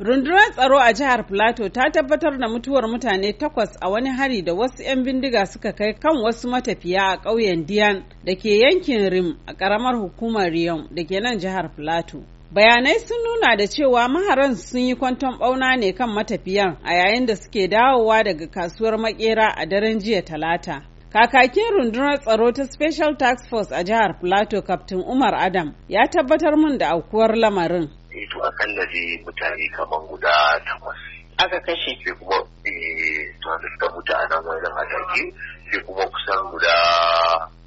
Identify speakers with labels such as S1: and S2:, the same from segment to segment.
S1: Rundunar tsaro a jihar Filato ta tabbatar da mutuwar mutane takwas a wani hari da wasu 'yan bindiga suka kai kan wasu matafiya a ƙauyen Diyan da ke yankin Rim a ƙaramar hukumar Riyon da ke nan jihar Filato. Bayanai sun nuna da cewa maharan sun yi kwanton ɓauna ne kan matafiyan a yayin da suke dawowa daga kasuwar makera a daren jiya talata. Kakakin rundunar tsaro ta Special Task Force a jihar Plateau, Captain Umar Adam, ya tabbatar mun da aukuwar lamarin.
S2: Eh, to a kan mutane kamar guda takwas aka kashe sai kuma eh to da suka mutu a nan wajen mataki sai kuma kusan guda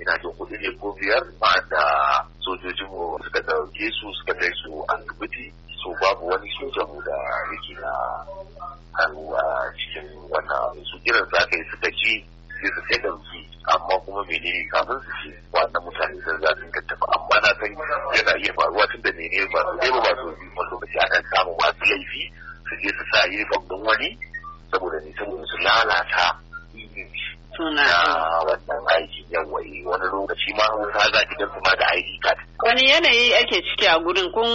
S2: ina jin kuɗi ne ko biyar ba da sojojin mu suka dauke su suka kai su an dubuti so babu wani sojan mu da yake na hannu a cikin wannan su kiran za ka yi suka ci sai su kai amma kuma menene kafin su ce wannan mutane sun za su tattafa yana iya faruwa tun da mene ba su ba ba su wani lokaci ana samun masu laifi su je su sa uniform din wani saboda ne saboda su lalata suna wannan aiki yawai eh, wani lokaci ma wata za ki gansu ma da ID
S1: card. Wani yanayi ake ciki a gurin kun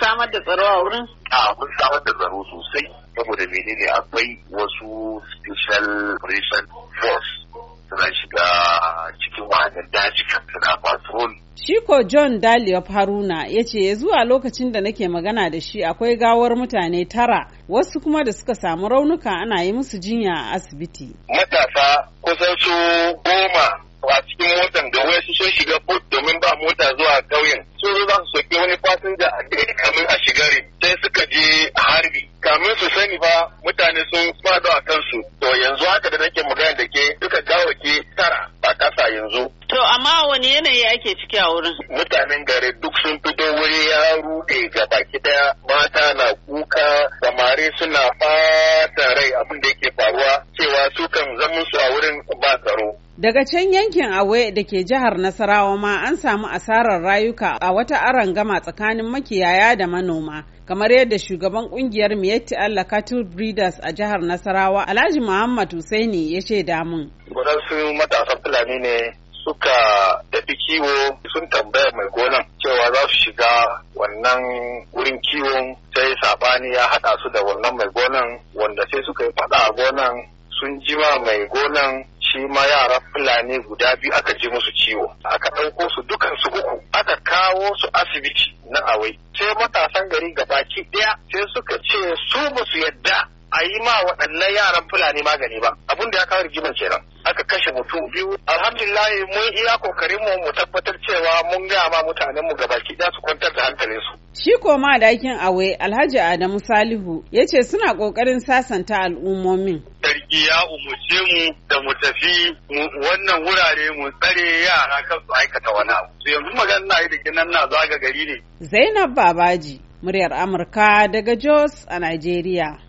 S1: samar da tsaro a wurin? A kun
S2: samar da tsaro sosai saboda menene akwai wasu special operation force
S1: Dr. John Daliop Haruna ya ce zuwa lokacin da nake magana da shi akwai gawar mutane tara wasu kuma da suka samu raunuka ana yi musu jinya a asibiti. Matasa
S3: kusan su goma a cikin motan da wasu sun shiga port domin ba mota zuwa ƙauyen. Sun zo za su soke wani fasinja a kamin a shiga sai suka je harbi. Kamin su sani ba mutane sun fado a kansu. To yanzu haka da nake magana da yare suna fata rai abin da yake faruwa cewa su kan zaman su a wurin
S1: ba tsaro. Daga can yankin Awe da ke jihar Nasarawa ma an samu asarar rayuka a wata aron gama tsakanin makiyaya da manoma. Kamar yadda shugaban kungiyar Miyetti Allah Cattle Breeders a jihar Nasarawa Alhaji Muhammad Hussaini ya ce damun. mun. su matasa Fulani ne suka tafi kiwo sun tambaya
S3: mai gonan cewa za su shiga wannan wurin kiwon sai sabani ya haɗa su da wannan mai gonan wanda sai suka yi faɗa a gonan sun jima mai gonan shi ma yaran fulani guda biyu aka ji musu ciwo aka ɗauko su dukan su uku aka kawo su asibiti na awai sai matasan gari ga gabaki ɗaya sai suka ce su musu yadda a yi ma waɗannan yaran fulani magani ba abin da ya kawo rigimar kenan aka kashe mutum biyu alhamdulillahi mun iya kokarin mu mu tabbatar cewa mun ga ma mutanen mu gabaki da su kwantar da hankalin su
S1: shi koma dakin awe alhaji adamu salihu ya ce suna kokarin sasanta al'ummomin
S3: sarki ya umarce mu da mu tafi wannan wurare mu tsare yara kan su aikata wani abu su yanzu magana
S2: na yi da kinan na zaga gari ne
S1: zainab babaji muryar amurka daga jos a Najeriya.